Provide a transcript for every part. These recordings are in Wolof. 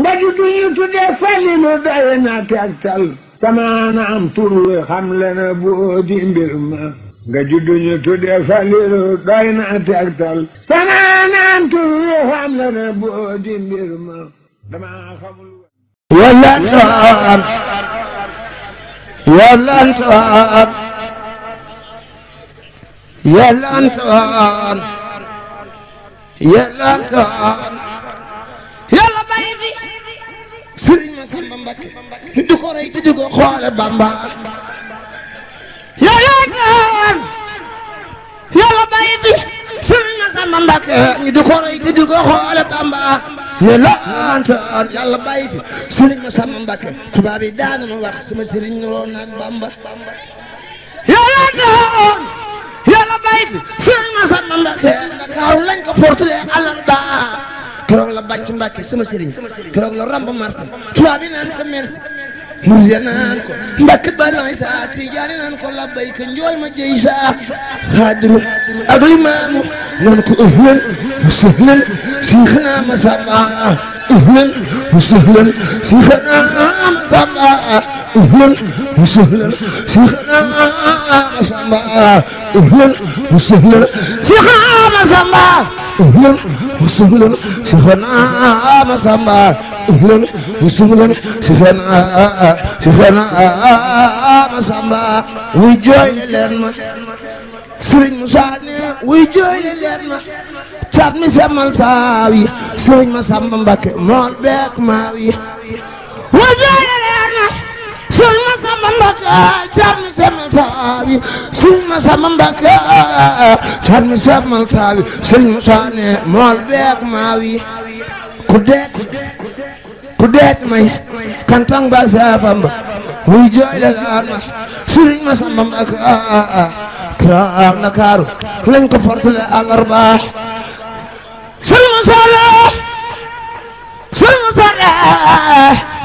ndaje ki ñu tuddee Falilu doy na tegtal samaanaam tur wi xam le na boo di mbir ma nga juddu ñu tuddee Falilu doy na tegtal samaanaam tur wi xam le na boo di mbir ma dama xamul yollantoom yollantoom yollantoom yollantoom Samba Mbakke nit du ko rey te du ko xoole Bamba yaa yaa naan yàlla bàyyi fi sëriñ na Samba Mbakke nit du ko rey te du ko xoole Bamba yàlla antaan yàlla bàyyi fi sëriñ na Samba Mbakke tubaab yi daanu nu wax sama sëriñ nuroon naag Bamba yàlla antaan yàlla bàyyi fi sëriñ na Samba Mbakke Ndakaaru lañ ko portale àllarba keroog la bàcc Mbàkke sama sëriñ keroog la ramb marché tubaab bi naan ko merci murje naan ko Mbàkke balan sa tijaani naan ko labbayka njool ma jëy saa xaadiru ak limaamu naan ko ahlan wa sahlan siixna ma saba ahlan wa sahlan siixna ma saba ahlan wa sahlan siixna ma saba ahlan wa sahlan siixna ma saba اهلا وسهلا شيخنا مسامع اهلا وسهلا شيخنا شيخنا مسامع ويجوي لنا Sëriñ Musaa ne wuy jooyle leen ma caat mi semmal taaw yi Sëriñ Masamba Mbakke mool beek maaw yi wuy jooyle leen ma sama mbaka carmi samal taabi suma sama mbaka carmi samal taabi sëriñ maawi ku deet may kantang ba saafamba ma sama mbaka kiraar na kaaru lañ ko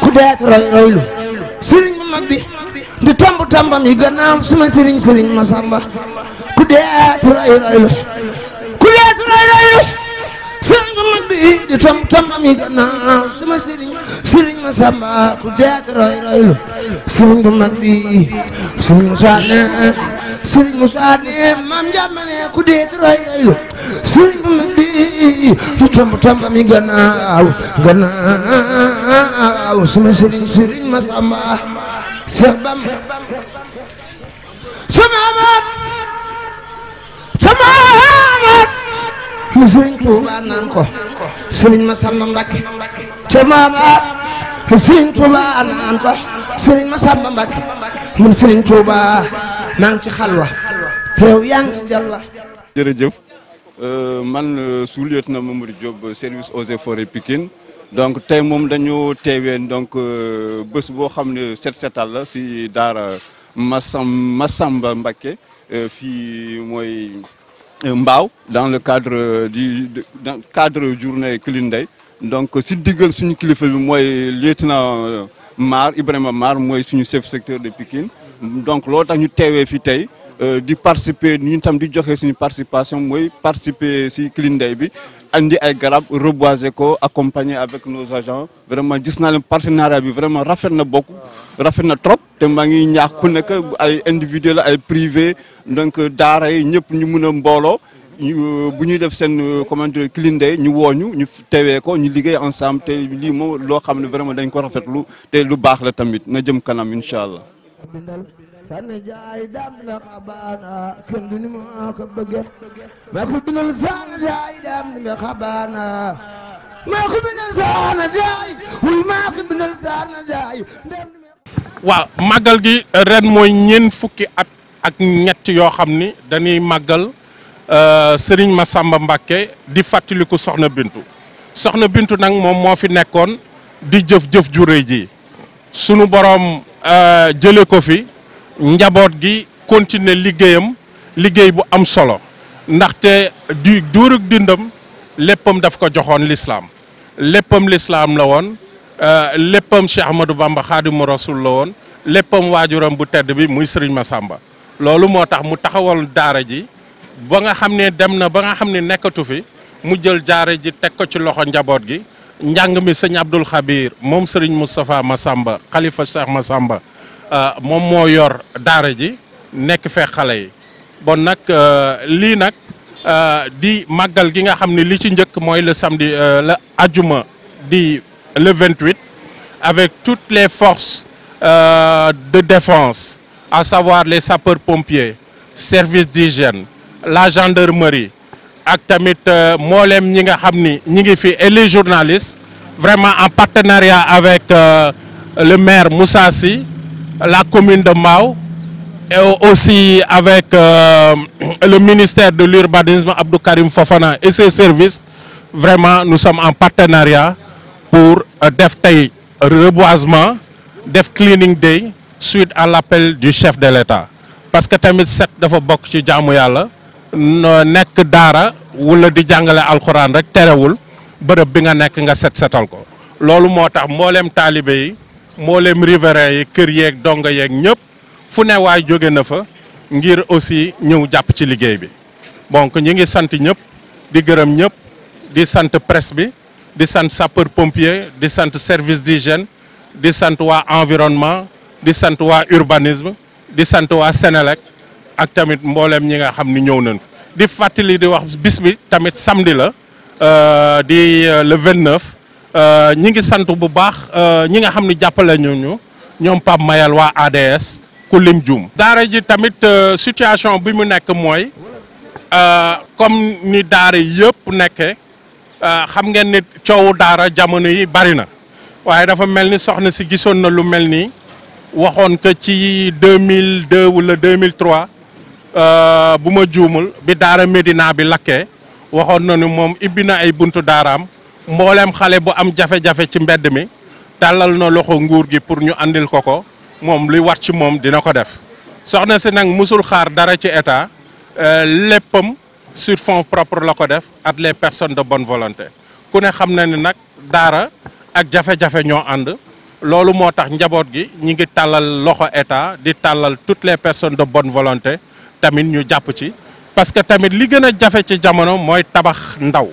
ku deet roy roylu di tomb tambam yi gannaaw suma sëriñ sëriñ Masamba ku deet roy roylu ku deet roy roylu sëriñ mag di tomb tambam yi gannaaw suma sëriñ sëriñ Masamba ku deet mag bi sëriñ Musaa ne sëriñ Musaa ne maam Njàmba ne ku deet roy roylu sëriñ mag di tomb tambam yi Seex Bamba sama mu Sëriñ Tuubaa naan ko Sëriñ Masamba Mbakke sama maam mu Sëriñ Tuubaa naan ko Sëriñ Masamba Mbakke mun Sëriñ Tuubaa maa ci xalwa teew yaa jalwa jërëjëf euh, man na euh, lieutenant Mamadou Diop service eaux et forêts Pikine donc tey moom dañoo teewee donc euh, bés boo xam ne set setal la si daar Massam Massamba Mbacké euh, fii mooy euh, Mbaaw dans le cadre du dans le cadre journée Clean donc si diggal suñu kilifa bi mooy na lieutenant Mar Ibrahima Mar mooy suñu chef secteur de pikin donc loo tax ñu teewee fii tey di participer ñu tam di joxe suñu participation mooy participer si Clean bi andi ay garab reboiser ko accompagner avec nos agents vraiment gis naa leen partenariat bi vraiment rafet na bokk rafet na trop te maa ngi ñaax ku nekk ay individuel ay privé donc euh, daara yi ñëpp ñu mun a mbooloo euh, bu ñuy def seen euh, comment dire clean day ñu wooñu ñu teewee ko ñu liggéey ensemble te lii moom loo xam ne vraiment dañ ko rafetlu te lu baax la tamit na jëm kanam incha allah sànni waaw màggal gi ren mooy ñeent fukki at ak ñett yoo xam ni dañuy màggal euh, ma sàmba Mbacké di fàttaliku Soxna Bintu Soxna Bintu nag moom moo fi nekkoon di jëf jëf ju ji sunu boroom euh, jële ko fi njaboot gi continuer liggéeyam liggéey bu am solo ndaxte du duurug dundam léppam daf ko joxoon lislaam léppam lislaam la woon euh, léppam Cheikh Ahmadou Bamba xaadimu rasul la woon léppam waajuram bu tedd bi muy ma Massamba loolu moo tax mu taxawal daara ji ba nga xam ne dem na ba nga xam ni nekkatu fi mu jël jaare ji teg ko ci loxo njaboot gi njàng mi sëñ Abdoul Xabir moom ma Moustapha Massamba xalifa ma Massamba Euh, moom moo yor daara ji nekk fee xale yi bon nag euh, lii nag euh, di màggal gi nga xam ni li ci njëkk mooy le samedi la ajuma di le 28 avec toutes les forces de défense à savoir les sapeurs-pompiers service d'hygiène la gendarmerie ak tamit mboolem ñi nga xam ni ñi ngi fi et les journalistes vraiment en partenariat avec le maire Moussa Sy la commune de Mbao et aussi avec euh, le ministère de l'urbanisme Abdou Karim Fofana et ses services vraiment nu sommes en partenariat pour euh, def tey reboisement def cleaning day suite à l'appel du chef de l'État parce que tamit set dafa bokk ci jaamu yàlla nekk daara wala di jàngale alxuraan rek terewul bërëb bi nga nekk nga set setal ko loolu moo tax mbooleem taalibe yi mboolem riverain yi kër yeeg donga yeeg ñëpp fu ne waay jóge na fa ngir aussi ñëw jàpp ci liggéey bi donc ñi ngi sant ñëpp di gërëm ñëpp di sant presse bi di sant sapeur pompier di sant service di d'hygiène di sant waa environnement di sant waa urbanisme di sant waa Sénélec ak tamit mbooleem ñi nga xam ni ñëw nañ di fàttali di wax bis bi tamit samdi la euh, di euh, le 29 Euh, ñi ngi sant bu baax euh, ñi nga xam ni jàppale ñu ñu ñoom Pape Mayal waa ADS ku lim juum. daara ji tamit euh, situation bi mu nekk mooy comme ni daara yëpp nekkee xam ngeen ni coowu daara jamono yi bari na waaye dafa mel ni soxna si gisoon na lu mel nii waxoon ko ci 2002 wala 2003 bu ma juumul bi daara Médina bi lakkee waxoon na ni moom ibbi na ay buntu daaraam. mboolem xale bu am jafe-jafe ci mbedd mi tàllal na loxo nguur gi pour ñu andil ko ko moom li war ci moom dina ko def soxna si nag musul xaar dara ci état euh, léppam sur fonds propre la ko def at les personnes de bonne volonté ku ne xam na ni nag daara ak jafe-jafe ñoo ànd loolu moo tax njaboot gi ñi ngi tàllal loxo état di tàllal toutes les personnes de bonne volonté tamit ñu jàpp ci parce que tamit li gën a jafe ci jamono mooy tabax ndaw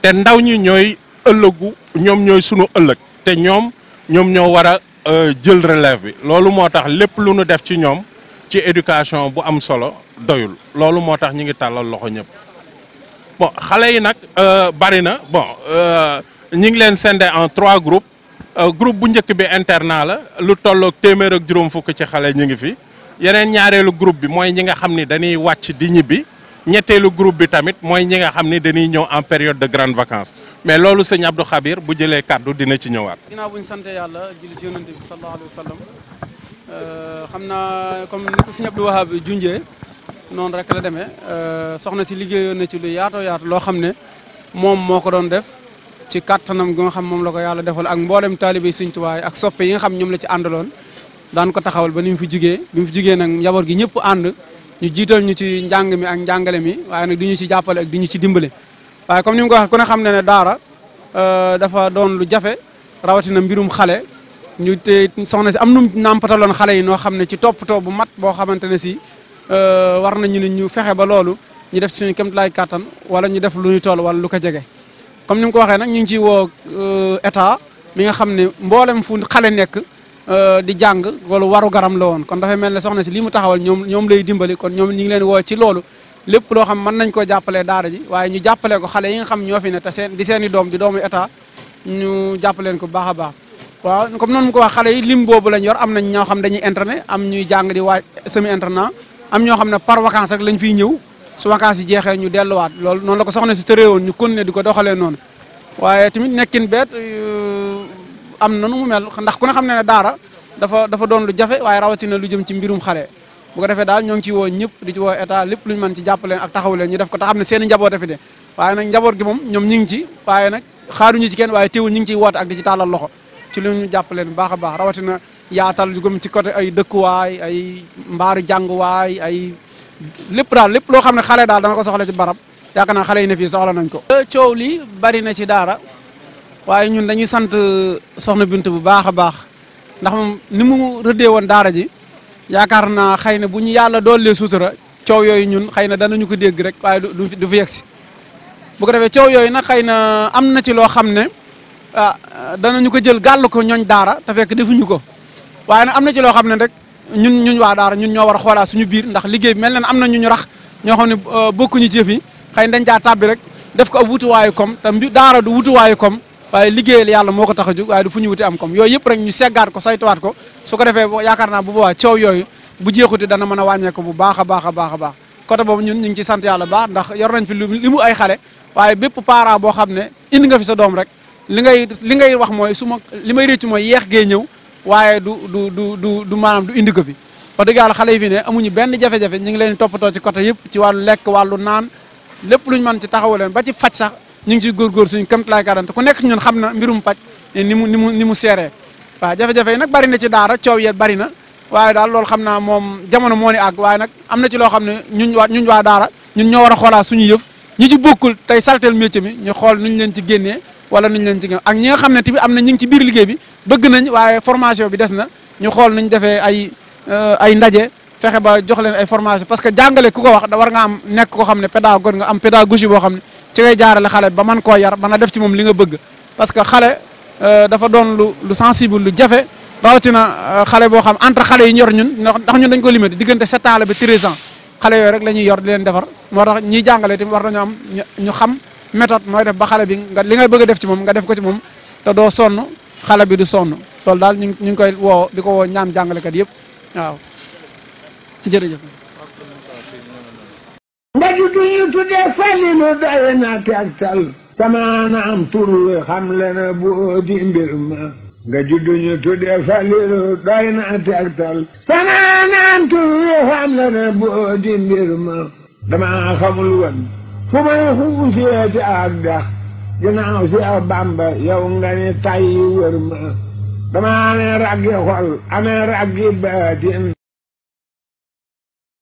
te ndaw ñi ñooy ëllëgu ñoom ñooy sunu ëllëg te ñoom ñoom ñoo war a euh, jël relève bi loolu moo tax lépp lu nu def ci ñoom ci éducation bu am solo doyul loolu moo tax ñu ngi tàllal loxo ñëpp bon xale yi nag euh, bari na bon euh, ñi ngi leen sende en trois groupes groupe bu njëkk bi internat la lu tolloog téeméer ak juróom fukk ci xale ñu ngi fi yeneen ñaareelu groupe bi mooy ñi nga xam ni dañuy wàcc di ñibbi ñetteelu groupe bi tamit mooy ñi nga xam ne dañuy ñëw en période de grandes vacances mais loolu sëñ Abdou Khabir bu jëlee kàddu dina ci ñëwaat. ginnaaw bu ñu sant yàlla julli ci yonent bi sallallahu alayhi wa euh, xam naa comme ni ko sëñ Abdou Wahab junjee noonu rek la demee euh, soxna si liggéeyoon na ci lu yaato yaat loo xam ne moom moo ko doon def ci kattanam gi nga xam moom la ko yàlla defal ak mboolem taalibe Sëñ Tuubaa ak soppe yi nga xam ñoom la ci àndaloon daan ko taxawal ba ni mu fi jugee bi mu fi jugee nag njaboot gi ñëpp ànd. ñu jiital ñu ci njàng mi ak njàngale mi waaye nag di ñu ci jàppale ak di ñu ci dimbale waaye comme ni mu ko waxee ku ne xam ne ne daara euh, dafa doon lu jafe rawatina mbirum xale ñu te soxna si am nu nàmpataloon xale yi noo xam ne ci toppatoo bu mat boo xamante ne si euh, war nañu ne ñu fexe ba loolu ñu def suñu kéemtalaay kàttan wala ñu def lu ñu tool wala lu ko jege comme ni mu ko waxee nag ñu ngi ciy woo euh, état mi nga xam ne mboolem fu xale nekk Euh, di jàng loolu waru garam la woon kon dafay mel ne soxna si lii mu taxawal ñoom ñoom lay dimbali kon ñoom ñu ngi leen woo ci loolu lépp loo xam mën nañ koo jàppalee daara waaye ñu jàppalee ko xale yi nga xam ko baax a baax waaw comme noonu mu ko wax xale yi lim boobu lañ yor am nañ ñoo xam dañuy internet am ñuy jàng di waaj semi internat am ñoo xam ne par vacances rek lañ fi ñëw su vacances yi jeexee ñu delluwaat loolu noonu la ko soxna si tëree woon ñu continuer di ko doxalee noonu waaye am na nu mu mel ndax ku ne xam ne ne daara dafa dafa doon lu jafe waaye rawatina lu jëm ci mbirum xale bu defe daal ñoo ngi ci woo ñëpp di ci woo état lépp luñ mën ci jàppaleen ak taxaw leen ñu def seen i njaboot fi de waaye nag njaboot gi moom ñoom ñi ngi ci waaye nag xaaruñu ci kenn waaye teewul ngi ciy woote ak di ci tàllal loxo ci lu ñu jàppaleen bu baax a baax rawatina yaatal jugum ci côté ay dëkkuwaay ay mbaaru jànguwaay ay lépp daal lépp loo xam ne xale daal dana ko soxla ci barab yaakaar xale yi ne fii soxla nañ ko coow li bari na ci daara waaye ñun dañuy sant euh, soxna bint bu baax a baax ndax ni mu rëddee woon daara ji yaakaar naa xëy na bu ñu yàlla doolee sutura coow yooyu ñun xëy na danañu ko dégg rek waaye du du fi yegg si bu ko defee coow yooyu nag xëy na am na ci loo xam ne ah danañu ko jël gàll ko ñooñ daara te fekk defuñu ko waaye nag am na ci loo xam ne rek ñun ñun waa daara ñun ñoo war a xoolaat suñu biir ndax liggéey mel na am na ñu ñu rax ñoo xam ne euh, bokkuñu ci yëf yi xëy na dañ caa tàbbi rek def ko ab wutuwaayu kom te daara du wutuwaayu kom waaye liggéeyal yàlla moo ko tax a jóg waaye du fu ñu wuti am comme yooyu yëpp rek ñu seggaat ko saytuwaat ko su ko defee yaakaar naa bu boobaa coow yooyu bu jeexuti dana mën a wàññeeku bu baax a baax a baax a baax côté boobu ñun ñu ngi ci sant yàlla baax ndax yor nañ fi li mu ay xale waaye bépp parent boo xam ne indi fi sa doom rek li ngay li ngay wax mooy su ma li may réccu mooy yeex gee ñëw waaye du du du du du maanaam du indi ko fi wax dëgg xale yi fi ne amuñu benn jafe-jafe ñu ngi leen toppatoo ci côté yëpp ci wàllu lekk wàllu naan lépp luñ mën ci taxawu leen ba ci faj sax ñu ngi góor góor suñu kamtalaay kàdante ku nekk ñun xam na mbirum paj ni mu ni mu ni mu seeree waaw jafe-jafe yi nag bari na ci daara coow yet bari na waaye daal loolu xam naa moom jamono moo ni àgg waaye nag am na ci loo xam ne ñun waa ñun waa daara ñun ñoo war a xoolaat suñu yëf ñu ci bokkul tey saltel métier mi ñu xool nuñ leen ci génnee wala nuñ leen ci gën ak ñi nga xam ne tamit am na ñu ngi ci biir liggéey bi bëgg nañ waaye formation bi des na ñu xool nuñ defee ay euh, ay ndaje fexe ba jox leen ay formation parce que ku ko wax da war am nekk koo xam ne pédagogue nga am pédagogie boo xam ne ci ngay jaarale xale ba man koo yar mën a def ci moom li nga bëgg parce que xale euh, dafa doon lu lu sensible lu jafe rawatina euh, xale boo xam entre xale yi ñu yor ñun ndax ñun dañ ko limité diggante sept ans la ba treize ans xale yooyu rek la ñuy yor di leen defar moo tax ñiy jàngale tamit war nañu am ñu xam méthode mooy def ba xale bi nga li ngay bëgg a def ci moom nga def ko ci moom te doo sonn xale bi du sonn loolu daal ñu ñu ngi koy woo di ko woo ñaan jàngalekat yëpp waaw ndaje ki ñu tuddee Falilu doy na tegtal samaanaam tur wi xam le na boo di mbir ma nga juddu ñu tuddee Falilu doy na tegtal samaanaam tur wi xam le na boo di mbir ma damaa xamul woon fu may xuusee ci ak dex ginnaaw si ak Bàmba yow nga ni tay wër ma damaa amee raggi xol amee raggi baatin